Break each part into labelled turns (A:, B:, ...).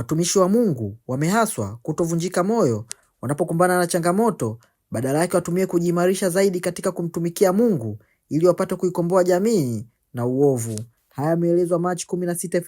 A: Watumishi wa Mungu wamehaswa kutovunjika moyo wanapokumbana na changamoto, badala yake watumie kujiimarisha zaidi katika kumtumikia Mungu ili wapate kuikomboa jamii na uovu. Haya yameelezwa Machi 16,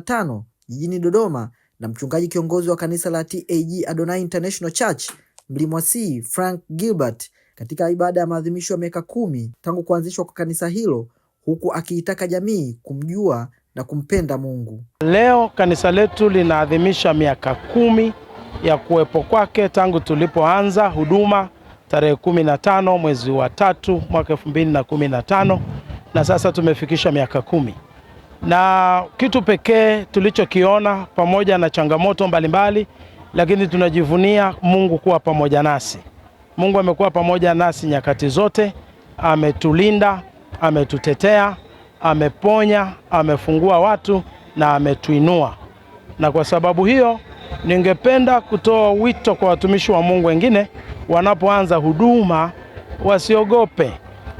A: 2025 jijini Dodoma na mchungaji kiongozi wa kanisa la TAG Adonai International Church Mlimwa C Frank Gilbert katika ibada ya maadhimisho ya miaka kumi tangu kuanzishwa kwa kanisa hilo, huku akiitaka jamii kumjua na kumpenda Mungu. Leo kanisa letu linaadhimisha miaka kumi ya kuwepo kwake tangu tulipoanza huduma tarehe kumi na tano mwezi wa tatu mwaka elfu na kumi na tano na sasa tumefikisha miaka kumi na kitu pekee tulichokiona pamoja na changamoto mbalimbali mbali, lakini tunajivunia Mungu kuwa pamoja nasi. Mungu amekuwa pamoja nasi nyakati zote, ametulinda, ametutetea ameponya, amefungua watu na ametuinua. Na kwa sababu hiyo, ningependa kutoa wito kwa watumishi wa Mungu wengine wanapoanza huduma, wasiogope.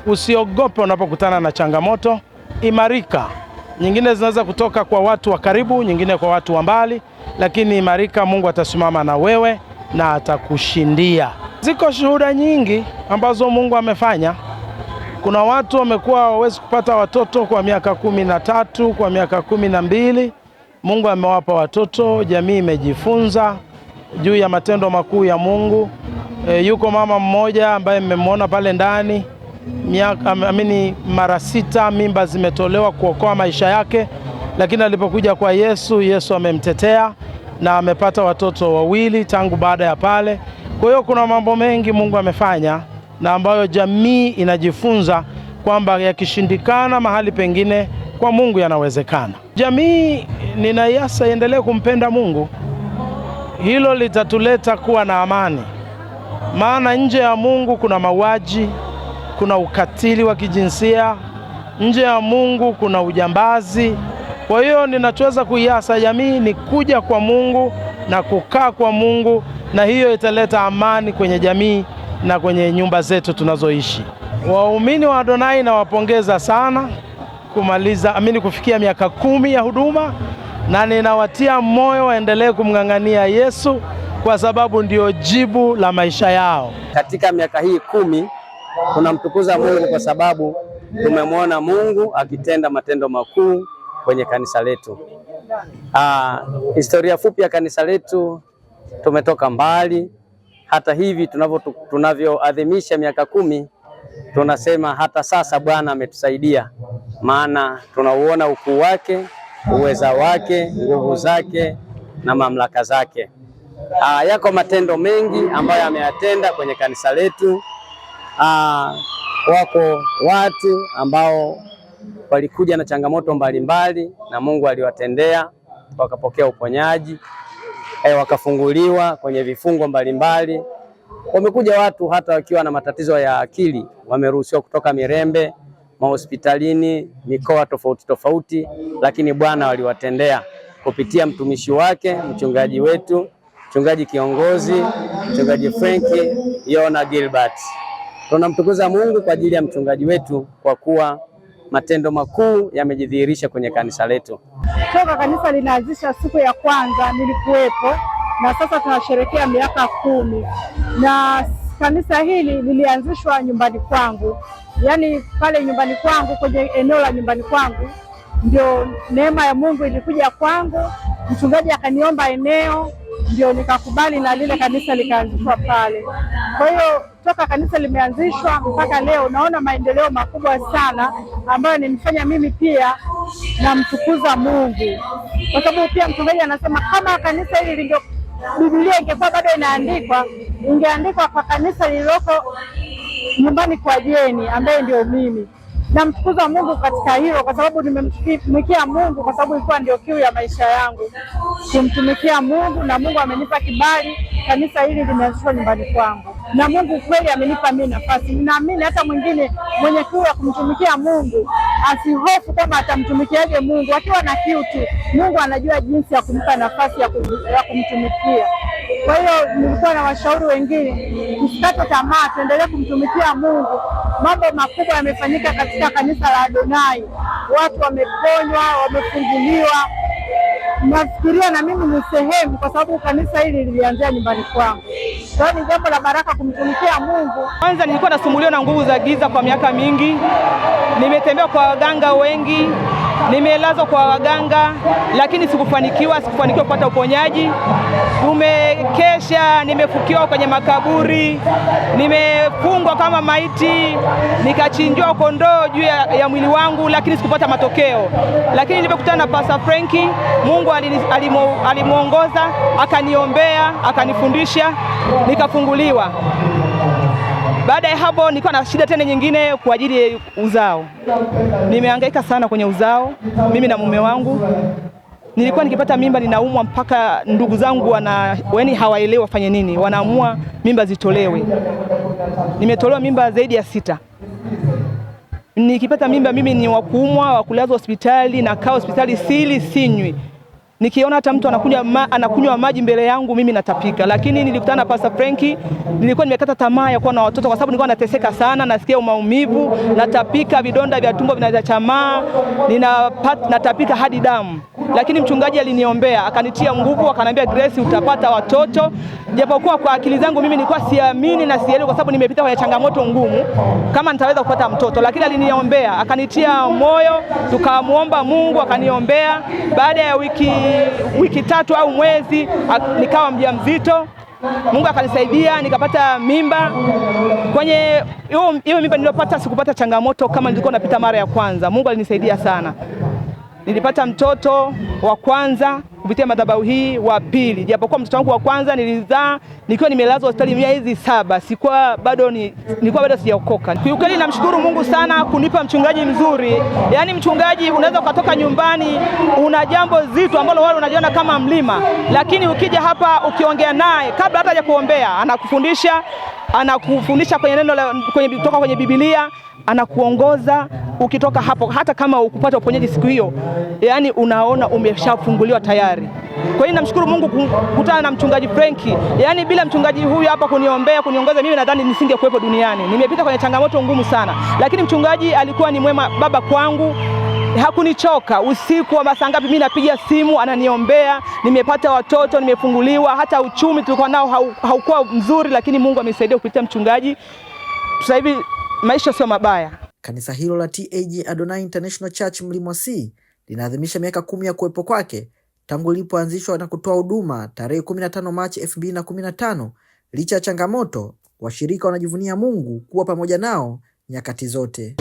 A: Usiogope unapokutana na changamoto, imarika. Nyingine zinaweza kutoka kwa watu wa karibu, nyingine kwa watu wa mbali, lakini imarika. Mungu atasimama na wewe na atakushindia. Ziko shuhuda nyingi ambazo Mungu amefanya. Kuna watu wamekuwa hawawezi kupata watoto kwa miaka kumi na tatu, kwa miaka kumi na mbili. Mungu amewapa watoto, jamii imejifunza juu ya matendo makuu ya Mungu. E, yuko mama mmoja ambaye mmemwona pale ndani miaka amini, mara sita mimba zimetolewa kuokoa maisha yake, lakini alipokuja kwa Yesu, Yesu amemtetea na amepata watoto wawili tangu baada ya pale. Kwa hiyo kuna mambo mengi Mungu amefanya na ambayo jamii inajifunza kwamba yakishindikana mahali pengine kwa Mungu yanawezekana. Jamii ninaiasa iendelee kumpenda Mungu, hilo litatuleta kuwa na amani. Maana nje ya Mungu kuna mauaji, kuna ukatili wa kijinsia, nje ya Mungu kuna ujambazi. Kwa hiyo ninachoweza kuiasa jamii ni kuja kwa Mungu na kukaa kwa Mungu, na hiyo italeta amani kwenye jamii na kwenye nyumba zetu tunazoishi. Waumini wa Adonai nawapongeza sana kumaliza amini kufikia miaka kumi ya huduma, na ninawatia moyo waendelee kumng'ang'ania Yesu kwa sababu ndio jibu la maisha yao.
B: Katika miaka hii kumi tunamtukuza Mungu kwa sababu tumemwona Mungu akitenda matendo makuu kwenye kanisa letu. Ah, historia fupi ya kanisa letu, tumetoka mbali hata hivi tunavyoadhimisha miaka kumi, tunasema hata sasa Bwana ametusaidia, maana tunauona ukuu wake, uweza wake, nguvu zake na mamlaka zake. Aa, yako matendo mengi ambayo ameyatenda kwenye kanisa letu. Aa, wako watu ambao walikuja na changamoto mbalimbali mbali, na Mungu aliwatendea wakapokea uponyaji e, wakafunguliwa kwenye vifungo mbalimbali. Wamekuja watu hata wakiwa na matatizo ya akili, wameruhusiwa kutoka Mirembe, mahospitalini, mikoa tofauti tofauti, lakini Bwana waliwatendea kupitia mtumishi wake mchungaji wetu mchungaji kiongozi mchungaji Frenki Yona Gilbert. Tunamtukuza Mungu kwa ajili ya mchungaji wetu kwa kuwa matendo makuu yamejidhihirisha kwenye kanisa letu.
C: Toka kanisa linaanzisha siku ya kwanza nilikuwepo, na sasa tunasherekea miaka kumi, na kanisa hili lilianzishwa nyumbani kwangu, yaani pale nyumbani kwangu, kwenye eneo la nyumbani kwangu ndio neema ya Mungu ilikuja kwangu, mchungaji akaniomba eneo ndio nikakubali na lile kanisa likaanzishwa pale. Kwa hiyo toka kanisa limeanzishwa mpaka leo naona maendeleo makubwa sana ambayo nimefanya mimi pia namtukuza Mungu, kwa sababu pia mchungaji anasema kama kanisa hili linge Biblia ingekuwa bado inaandikwa ingeandikwa kwa kanisa lililoko nyumbani kwa jeni ambaye ndio mimi namshukuru Mungu katika hilo, kwa sababu nimemtumikia Mungu, kwa sababu ilikuwa ndio kiu ya maisha yangu kumtumikia Mungu, na Mungu amenipa kibali. Kanisa hili limeanzishwa nyumbani kwangu, na Mungu kweli amenipa mimi nafasi. Ninaamini hata mwingine mwenye kiu ya kumtumikia Mungu asihofu kama atamtumikiaje Mungu. Akiwa na kiu tu, Mungu anajua jinsi ya kumpa nafasi ya kumtumikia. Kwa hiyo nilikuwa na washauri wengine, msikate tamaa, tuendelee kumtumikia Mungu mambo makubwa yamefanyika katika kanisa la Adonai, watu wameponywa, wamefunguliwa. Nafikiria na mimi ni sehemu, kwa sababu kanisa hili lilianzia nyumbani kwangu. Kwa hiyo ni jambo la baraka kumtumikia Mungu.
D: Kwanza nilikuwa nasumbuliwa na nguvu za giza kwa miaka mingi, nimetembea kwa waganga wengi nimelazwa kwa waganga, lakini sikufanikiwa, sikufanikiwa kupata uponyaji. Tumekesha, nimefukiwa kwenye makaburi, nimefungwa kama maiti, nikachinjwa kondoo juu ya, ya mwili wangu, lakini sikupata matokeo. Lakini nilipokutana na Pastor Frenki, Mungu alimwongoza, akaniombea, akanifundisha, nikafunguliwa. Baada ya hapo nilikuwa na shida tena nyingine kwa ajili ya uzao. Nimehangaika sana kwenye uzao, mimi na mume wangu. Nilikuwa nikipata mimba ninaumwa mpaka ndugu zangu wana yani hawaelewi wafanye nini, wanaamua mimba zitolewe. Nimetolewa mimba zaidi ya sita. Nikipata mimba mimi ni wakuumwa, kulazwa hospitali, nakaa hospitali sili sinywi nikiona hata mtu anakunywa ma, anakunywa maji mbele yangu mimi natapika. Lakini nilikutana na Pastor Franki, nilikuwa nimekata tamaa ya kuwa na watoto kwa sababu nilikuwa nateseka sana, nasikia maumivu, natapika, vidonda vya tumbo ninapata natapika hadi damu. Lakini mchungaji aliniombea akanitia nguvu, akaniambia Grace, utapata watoto. Japokuwa kwa akili zangu mimi nilikuwa siamini na sielewi, kwa sababu nimepita kwenye changamoto ngumu kama nitaweza kupata mtoto, lakini aliniombea akanitia moyo, tukamwomba Mungu akaniombea. Baada ya wiki wiki tatu au mwezi, nikawa mjamzito. Mungu akanisaidia nikapata mimba. Kwenye hiyo mimba niliyopata sikupata changamoto kama nilikuwa napita mara ya kwanza. Mungu alinisaidia sana nilipata mtoto wa kwanza kupitia madhabahu hii, wa pili, japokuwa mtoto wangu wa kwanza nilizaa nikiwa nimelazwa hospitali mia hizi saba, sikuwa bado ni, nilikuwa bado sijaokoka. Kiukweli namshukuru Mungu sana kunipa mchungaji mzuri. Yaani mchungaji, unaweza ukatoka nyumbani una jambo zito ambalo wale unajiona kama mlima, lakini ukija hapa ukiongea naye kabla hata ya kuombea, anakufundisha anakufundisha kwenye neno kutoka kwenye Biblia, anakuongoza ukitoka hapo, hata kama ukupata uponyaji siku hiyo, yaani unaona umeshafunguliwa tayari. Kwa hiyo namshukuru Mungu kukutana na mchungaji Frenki, yaani bila mchungaji huyu hapa kuniombea kuniongoza, mimi nadhani nisingekuwepo duniani. Nimepita kwenye changamoto ngumu sana, lakini mchungaji alikuwa ni mwema baba kwangu hakunichoka usiku wa masaa ngapi, mimi napiga simu, ananiombea. Nimepata watoto, nimefunguliwa. Hata uchumi tulikuwa nao haukuwa mzuri, lakini Mungu amenisaidia kupitia mchungaji. Sasa hivi maisha sio mabaya.
E: Kanisa hilo la TAG Adonai International Church Mlimwa C linaadhimisha miaka kumi ya kuwepo kwake tangu lilipoanzishwa na kutoa huduma tarehe 15 Machi 2015. Licha ya changamoto, washirika wanajivunia Mungu kuwa pamoja nao nyakati zote.